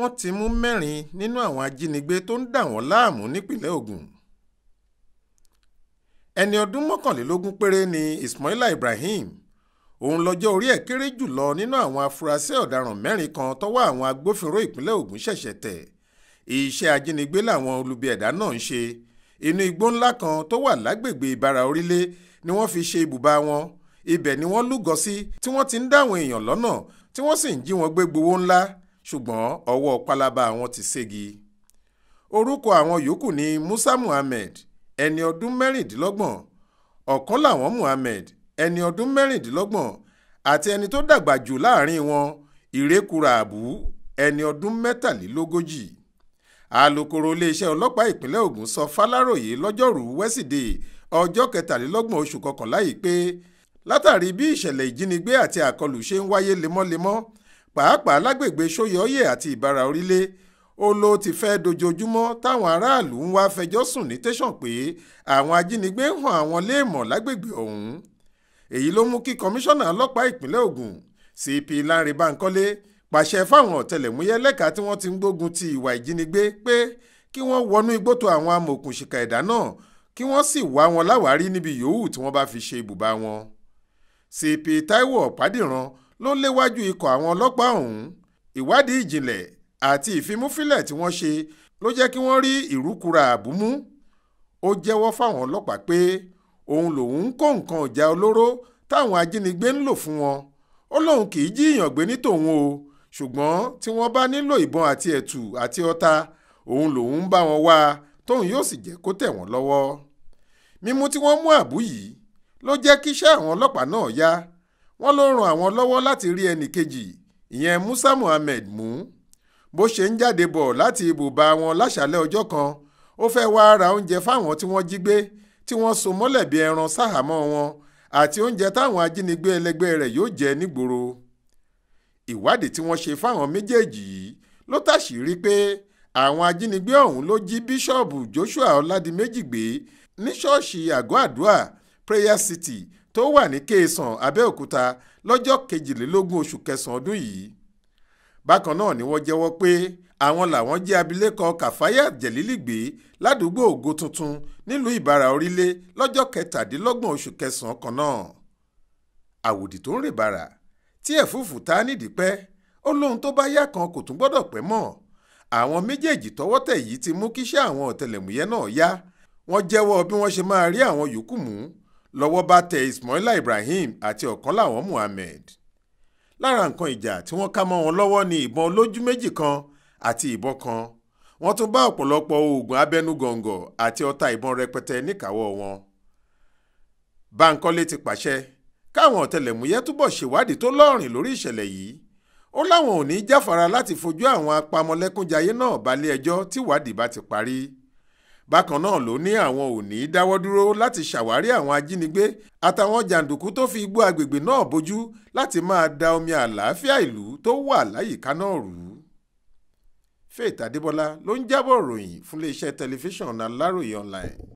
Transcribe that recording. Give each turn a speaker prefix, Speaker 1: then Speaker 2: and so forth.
Speaker 1: wọ́n ti mú mẹ́rin nínú àwọn ajínigbé tó ń dà wọ́n láàmú nípìnlẹ̀ Ògùn ẹni ọdún mọ́kànlélógún péré ni Ismaila Ibrahim òun lọ́jọ́ orí ẹ̀ kéré jùlọ nínú àwọn afurasí ọ̀daràn mẹ́rin kan tọ́wọ́ àwọn agbófinró ìpínlẹ̀ Ògùn ṣẹ̀ṣẹ̀ tẹ̀ iṣẹ́ ajínigbé làwọn olubi ẹ̀dá náà ń ṣe inú igbó ńlá kan tó wà lágbègbè ìbára orílẹ̀ ni wọ́n fi ṣe ibùba wọn ibẹ̀ ni wọ́n lúgọ sí tí wọ́n ti ń dá èèyàn lọ́nà tí wọ́n sì ń jí wọn gbé gbowó ńlá ṣùgbọ́n ọwọ́ pálábá àwọn ti ségi orúkọ àwọn yòókù ni Musa Muhammed ẹni ọdún mẹ́rìndínlọ́gbọ̀n ọ̀kan làwọn Muhammed ẹni ọdún mẹ́rìndínlọ́gbọ̀n àti ẹni tó dàgbà jù láàrin wọn ìrékùrà àbú ẹni ọdún mẹ́tàlélógójì alūkkóró iléeṣẹ́ ọlọ́pàá ìpínlẹ̀ Ògùn sọ fàlàròyé lọ́jọ́rùú wẹ́sídẹ̀ẹ́ ọjọ́ kẹtàlélọ́gbọ̀n oṣù kọkànlá yìí pé látàrí bí ìṣẹ̀lẹ̀ ìjínigbé àti àkọlù ṣe ń wáyé lemọ́lemọ́ pàápàá lágbègbè sóyọyẹ àti ìbára orílẹ̀ ó ló ti fẹ́ dojoojúmọ́ táwọn aráàlú ń wá fẹjọ́ sùn ní tẹ̀sán pé àwọn ajínigbé ń hàn àwọn léèmọ̀ lágbègbè ọ̀hún èyí ló mú kí kọmíṣánná ọlọ́pàá ìpínlẹ̀ Ògùn CP Lánrè Bankole pàṣẹ fáwọn ọ̀tẹlẹ̀múyẹ́ lẹ́ka tí wọ́n ti ń gbógun ti ìwà ìjínigbé pé kí wọ́n wọnú igbó tó àwọn amòòkùnṣìkà ẹ̀dá náà kí wọ́n sì wá wọn láwárí níbi yòówù tí wọ́n bá fi ṣe ibùba wọn. CP Taiwo Ọ̀pádìran ló léwájú ikọ̀ àwọn ọlọ́pàá ọ̀hún ìwádìí ìjìnlẹ̀ àti ìfimúfínlẹ̀ tí wọ́n ṣe ló jẹ́ kí wọ́n rí ìrúkúra àbúmú ó jẹ́wọ́ fáwọn ọlọ́pàá pé òun lòun ń kó nǹkan ọ̀jà olóró táwọn ajínigbé ń lò fún wọn ó lóun kì í jíyàn gbé ní tòun o ṣùgbọ́n tí wọ́n bá nílò ìbọn àti ẹ̀tù àti ọta òun lòun ń bá wọn wá tóun yóò sì jẹ́ kó tẹ̀ wọ́n lọ́wọ́ mímú tí wọ́n mú àbú yìí ló jẹ́ kíṣẹ́ àwọn ọlọ́pàá náà yá wọ́n ló ran àwọn lọ́wọ́ láti rí ẹnì kejì ìyẹn Musa Muhammed mú bó ṣe ń jáde bọ̀ láti ibùba wọn láṣàlẹ̀ ọjọ́ kan ó fẹ́ wá ra oúnjẹ fáwọn tí wọ́n jí gbé tí wọ́n so mọ́lẹ̀ bí ẹran sáhàmọ́ wọn àti oúnjẹ táwọn ajínigbé ẹlẹgbẹ́ rẹ̀ yóò jẹ nígboro ìwádìí tí wọ́n ṣe fáwọn méjèèjì yìí ló tàṣírí pé àwọn ajínigbé ọ̀hún ló jí bíṣọ́ọ̀bù Joshua Ọládìméjì gbé ní ṣọ́ọ̀ṣì àgọ́ àdúrà Prayer City tó wà ní kéèsàn abẹ́òkúta lọ́jọ́ kejìlélógún oṣù kẹsàn-án ọdún yìí bákan náà ni wọ́n jẹ́wọ́ pé àwọn làwọn jẹ́ abilékọ kàfáyà jẹ̀lílì gbé ládùúgbò ògo tuntun nílùú ìbára orílẹ̀ lọ́jọ́ kẹtàdínlọ́gbọ̀n oṣù kẹsàn-án kan náà àwòdì tó ń rè bàrà tí ẹ̀fúùfù ta nídìí pẹ́ ó lóhun tó bá yá kan kò tún gbọ́dọ̀ pẹ́ mọ́ àwọn méjèèjì tọwọ́ tẹ̀ yìí ti mú kíṣẹ́ àwọn ọ̀tẹlẹ̀múyẹ́ náà yá wọ́n jẹ́wọ́ bí wọ́n ṣe máa rí àwọn yòókù mú lọ́wọ́ bá tẹ Ismaila Ibrahim àti Ọ̀kánláwọ̀n Muhammed lára nǹkan ìjà tí wọ́n ká mọ́ wọn lọ́wọ́ ni ìbọn olójú méjì kan àti ìbọn kan wọ́n tún bá ọ̀pọ̀lọpọ̀ oògùn abẹnugọ̀ngọ̀ àti ọta ìbọn rẹpẹtẹ níkàáwọ́ wọn. Báńkọ́lé ti pàṣẹ káwọn ọ̀tẹlẹ̀múyẹ́ túbọ̀ ṣèwádìí tó lọ́rìn lórí ìṣẹ̀lẹ̀ yìí ó láwọn ò ní jáfara láti fojú àwọn apamọ́lẹ́kúnjayé náà balẹ̀-ẹjọ́ tíwádìí bá ti parí bákan náà ló ní àwọn ò ní í dáwọ́ dúró láti ṣàwárí àwọn ajínigbé àtàwọn jàǹdùkú tó fi igbó agbègbè náà bójú láti máa da omi àlàáfíà ìlú tó wà láyìíká náà rú. Faith Adébọlá ló ń jábọ̀ ròyìn fún iléeṣẹ́ tẹlifíṣàn Aláròye online.